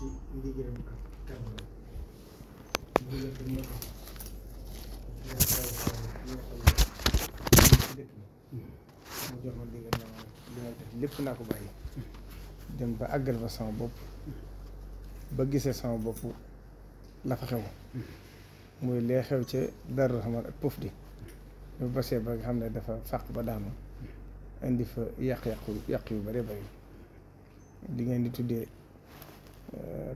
lépp mu jox ma ndigal naa ko bàyyi dem ba àggal fa sama bopp ba gisee sama bopp la fa xew muy lee xew ca Daaru Rahmaan ak Pofdi ñu basee ba nga xam ne dafa fàq ba daanu indi fa yàq-yàq yàq yu bare bare li ngeen di tuddee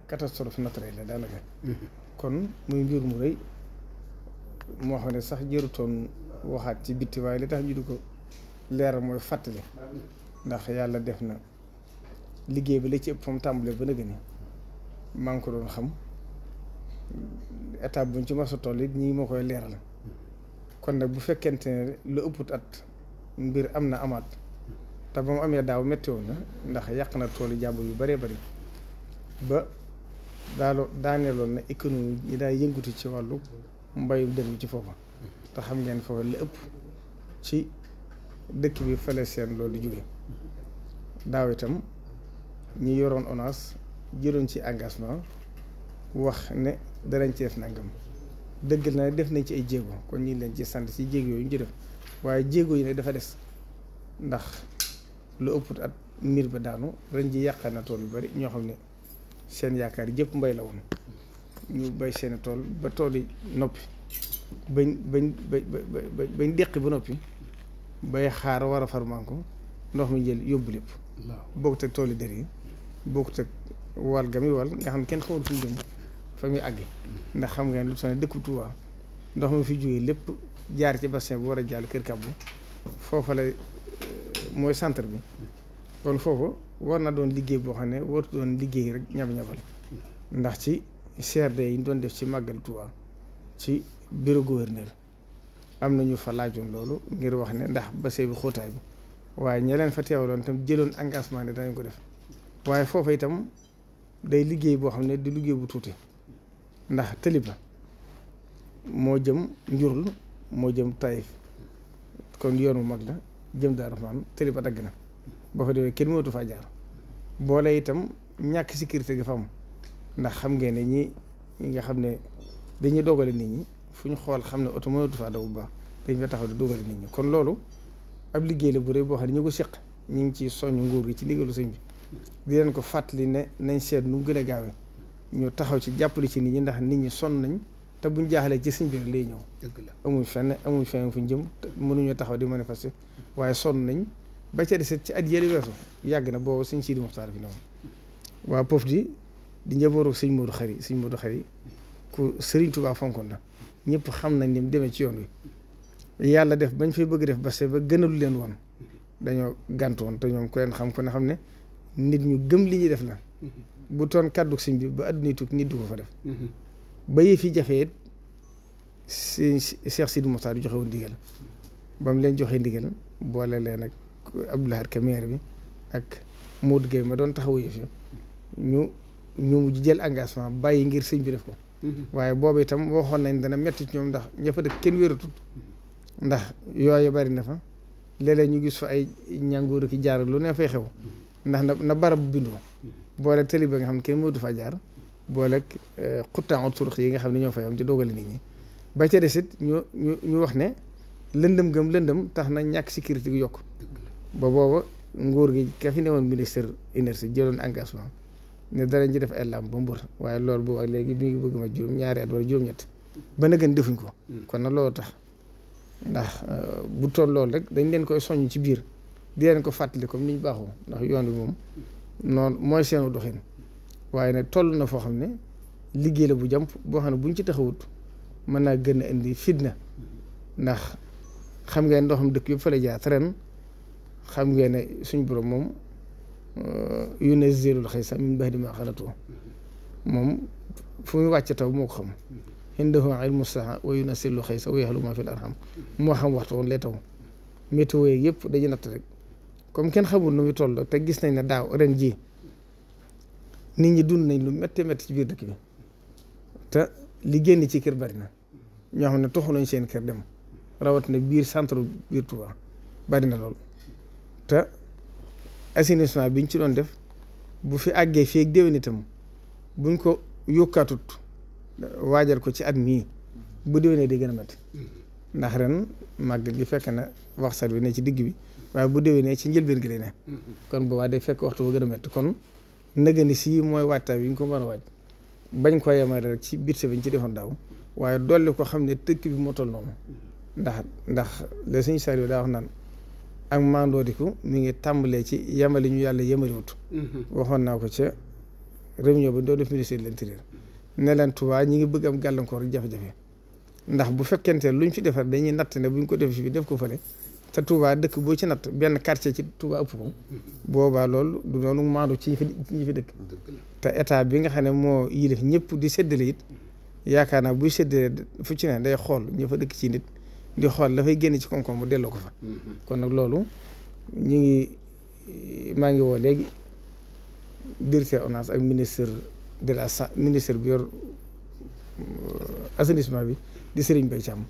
catastrophe naturelle la daanaka. Mhm. kon muy mbir mu rëy moo xam ne sax jërutoon waxaat ci bitti waaye li tax ñu di ko leeral mooy fàttali ndax yàlla def na liggéey bi la ci ëpp fa mu tàmbalee ba nëgë ni maa ngi ko doon xam étape buñ ci mos a toll it ñii ma koy leeral kon nag bu fekkente ne lu ëpput at mbir am na amaat te ba mu amee daaw métti woon na ndax yàq na toolu jàmbur yu bëree bëri. ba daalo daaneeloon na économie yi daay yëngatu ci wàllu mbayum dem ci foofa te xam ngeen foofa li ëpp ci dëkk bi fale seen loolu di jóge daaw itam ñi yoroon ONAS jëloon ci engagement wax ne danañ ci def nangam dëggal na def nañ ci ay jéego kon ñu ngi leen ci sant si jéeg yooyu ñu ci def waaye jéego yi ne dafa des ndax lu ëpp at mbir ba daanu ren ji yàqa na tool yu bari ñoo xam ne seen yaakaar jépp mbay la woon ñu bay seen tool ba tool yi noppi bañ bañ ba ba bañ deqi ba noppi bay xaar war a farmanko ndox mi jël yóbbu lépp. waaw bokkut ak tool yi dër yi bokkut ak wal gami wal nga xam ne kenn xawul fu mu fa muy àgg ndax xam nga lu sonné dëkku Tuubaa ndox mi fi jógee lépp jaar ci bassin bu war a jàll kër kàbbu foofa la mooy centre bi kon foofu. war na doon liggéey boo xam ne warut doon liggéey rek ñab-ñabal ndax ci CRD yi ñu doon def ci màggal Tuubaa ci bureau gouverneur am na ñu fa laajoon loolu ngir wax ne ndax ba bi xóotaay bi waaye ña leen fa teewaloon itam jëloon engagement ne danañ ko def waaye foofa itam day liggéey boo xam ne di liggéey bu tuuti ndax tëlib moo jëm njurul moo jëm Taïf kon yoonu mag la jëm Daaru Rahmaan dagg na boo fa demee kenn mënatu faa jaar boole itam ñàkk sécurité gi fa am ndax xam ngeen ne ñi ñi nga xam ne dañuy dogale nit ñi fu ñu xool xam ne oto mënatu faa daw bu baax dañ fa taxaw di dogale nit ñi kon loolu ab liggéey la bu rëy boo xam ne ñu ko seq ñu ngi ciy soññ nguur gi ci ndigalu sëñ bi di leen ko fàttali ne nañ seet nu gën a gaawee ñu taxaw ci jàppale ci nit ñi ndax nit ñi sonn nañ te buñ jaaxalee ci sëñ bi lay ñëw. dëgg la amuñ fenn amuñ fu ñu jëm mënuñoo taxaw di manifester waaye sonn nañ. ba ca deset ci at yële weesu yàgg na boobu sëñ Sidi Moxtaar bi la woon waa Pof di di njabooru sëñ Modou Xari sëñ Modou Xari ku Serigne Touba fonkoon na ñëpp xam nañ ni demee ci yoon wi yàlla def bañ fay bëgg def parce que ba gënalu leen woon dañoo gànt te ñoom ku leen xam xam ne nit ñu gëm li ñuy def la bu toon kàddu sëñ bi ba adduna tukki nit du ko fa def ba yëf yi jafe it sëñ Cheikh Sidi Moxtaar joxe woon ndigal ba mu leen joxee ndigal boole leen ak Abdou Lahad Ka bi ak Modou Gueye ma doon taxawu yëf yi ñu ñu mujj jël engagement bàyyi ngir sëñ bi def ko. Mm-hmm. waaye boobu itam waxoon nañ dana metti ñoom ndax ña fa dëkk kenn wératut ndax yooyu bari na fa léeg ñu gis fa ay ñàngoor ki jaar lu ne fa xew ndax na na barab bindu ko mm-hmm. boole tëli ba nga xam ne kenn mënatu fa jaar boole euh, xuttaangu turux yi nga xam ne ñoo fay am ci dogale nit ñi. ba ca des ñu ñu ñu wax ne lëndëm gëm lëndëm tax na ñàkk sécurité yokk ba booba nguur gi ka fi newoon ministre jëloon engagement ne danañ ci def ay làmp ba mbër waaye loolu boobu ak léegi mi ngi bëgg ma juróom ñaari at wala juróom-ñett ba na gën defuñ ko. Mm. kon na loolu tax ndax euh, bu toll loolu rek dañ leen koy soññ ci biir di leen ko fàttali comme ni ñu baaxoo ndax yoon bi moom noonu mooy seenu doxin waaye nag toll na foo xam ne liggéey la bu jàmp boo xam ne buñ ci taxawut mën naa gën a indi fitna ndax xam ngeen ndoxam dëkk yëpp fa la jaar ren. xam ngeen ne suñ borom moom euh, yunazzilul xaysa min ba'di ma xalatu moom fu muy wàcc taw moo ko xam indahu ilmu saa wa yunazzilul xaysa wa yaxlu ma fil arham moo xam waxtu woon lay taw météo yeeg yëpp dañuy natt rek comme kenn xamul nu muy toll te gis nañ na daaw ren ji nit ñi dund nañ lu métti métti ci biir dëkk bi te li génn ci kër bari na ñoo xam ne toxu nañ seen kër dem rawatina biir centre biir Touba bari na lool te assainissement biñ ci doon def bu fi àggee fii ak buñ ko yokkaatut waajal ko ci at mii bu dewenee de gën a métti mm-hmm. ndax ren màggal gi fekk na wax waxsat bi ne ci digg bi waaye bu déwénee ci njëlbeen gi lay ne mm-hmm. kon boobaa day fekk waxtu bu gën a métti kon nëgëni si mooy waajtaay bi ñu ko mën a waaj bañ ko yemale rek ci biir bi ñu ci defoon daaw waaye dolli ko xam ne tëkk bi moo toll noonu mm-hmm. ndax ndax la suñu saar yi daa wax naan ak mandoodiku mu ngi tàmbalee ci yemale ñu yàlla yemaliwut mhm. waxoon naa ko ca réunion bi doon def ministère de l'intérieur ne leen Touba ñi ngi bëgg am gàllankoor jafe-jafe ndax bu fekkente ñu fi defar dañuy natt ne ñu ko defee fii def ko fële te Touba dëkk boo ci natt benn quartier ci Touba ëpp ko mhm. boobaa loolu du doonu maandu ci ñi fi fi dëkk te état bi nga xam ne moo yilif ñëpp di séddale it yaakaar naa buy séddale fu ci ne day xool ñu dëkk ci di xool dafay génn ci koom-koom mu delloo ko fa. Mm-hmm. kon nag loolu ñu ngi maa ngi woo léegi directeur ONAS ak ministre de la sa ministre bi yor euh, assainissement bi di Serigne bay Thiam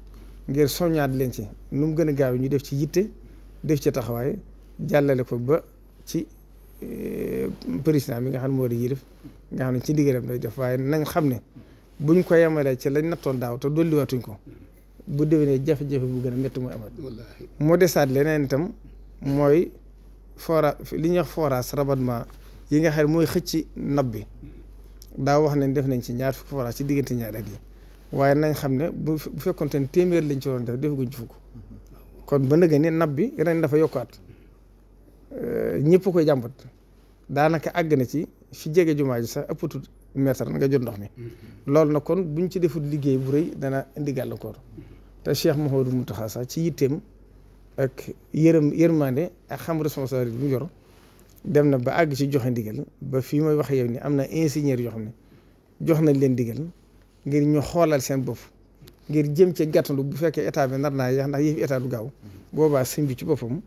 ngir soññaat leen ci nu mu gën a gaaw ñu def ci yitte def ci taxawaay jàllale ko ba ci euh, président bi nga xam ne moo di yilif nga xam ne ci diggalam lay def waaye nañ xam ne buñ ko yemalee ci lañ nattoon daaw te dolliwaatuñ ko. bu déwénee jafe-jafe bu gën a metti mooy amat moo desaat leneen itam mooy fora li ñuy wax forage rabattement yi nga xam ne mooy xëcc nab bi daa wax nañ def nañ ci ñaar fukki forage ci diggante ñaar at yi waaye nañ xam ne bu fekkonte ne téeméer lañ ci waroon def defaguñ ci fukk kon ba nëgë ne nab bi ren dafa yokkaat euh, ñëpp koy jàmbat daanaka àgg na ci fi jege jumaa ji sax ëppatul mètre nga jot ndox mi mm-hmm. loolu nag kon buñ ci deful liggéey bu rëy dana indi gàll gàllankoor te Cheikh Mouhamadou Mountakha sax ci yitteem ak yërëm yërmande ak xam responsabilité bi mu yor dem na ba àgg ci joxe ndigal ba fii may wax yow ni am na ingénieur yoo xam ne jox nañ leen ndigal ngir ñu xoolal seen bopp ngir jëm ci gàttandu bu fekkee état bi nar naa yeex ndax yëf état du gaaw boobaa sëñ bi ci boppam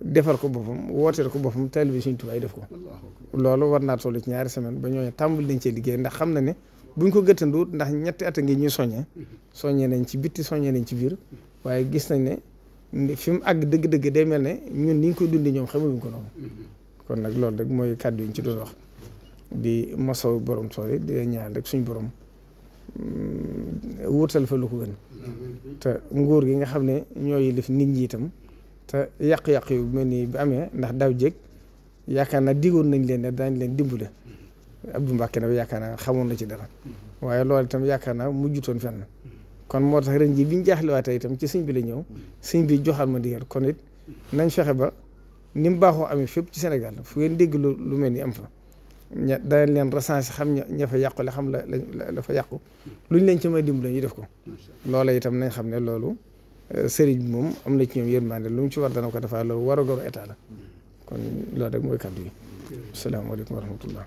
defar ko boppam wooteel ko boppam taalibe Sëñ Tuubaa def ko loolu war naa toll ci ñaari semaine ba ñooñu tàmbali nañ cee liggéey ndax xam na ne buñ ko gëttanduut ndax ñetti at a ngi ñuy soññee soññe nañ ci bitti soññee nañ ci biir waaye gis nañ ne fi mu àgg dëgg-dëgg day mel ne ñun ni ñu koy dundi ñoom xamaluñ ko kon nag loolu rek mooy kàddu yi ci doon wax di mosaw borom sooy ñaan rek suñ borom mm, wutal fa te nguur gi nga xam ne ñoo yilif nit ñi itam te yàq-yàq yu mel nii bi amee ndax daaw jéeg yaakaar nag digoon nañ leen ne daañ leen dimbale Abdou Mbacke nag yaakaar naa xamoon na ci dara mm-hmm. waaye loolu itam yaakaar naa fen fenn mm-hmm. kon moo tax ren jii bi ñu jaaxlewaatee itam ci sëñ bi la ñëw mm-hmm. sëñ bi joxal ma ndigal kon it nañ fexe ba ni mu baaxoo amee fépp ci Sénégal fu ngeen dégg lu mel ni am fa ña danañ leen recensé xam ña fa yàqule xam la la fa yàqu luñ leen ci may dimbali ñu def ko loola itam nañ xam ne loolu euh, sëriñ bi moom am na ci ñoom yërmande lu mu ci war dana ko defaa loolu war a gor la kon loolu rek mooy kàddu yi asalaamaaleykum wa rahmatullah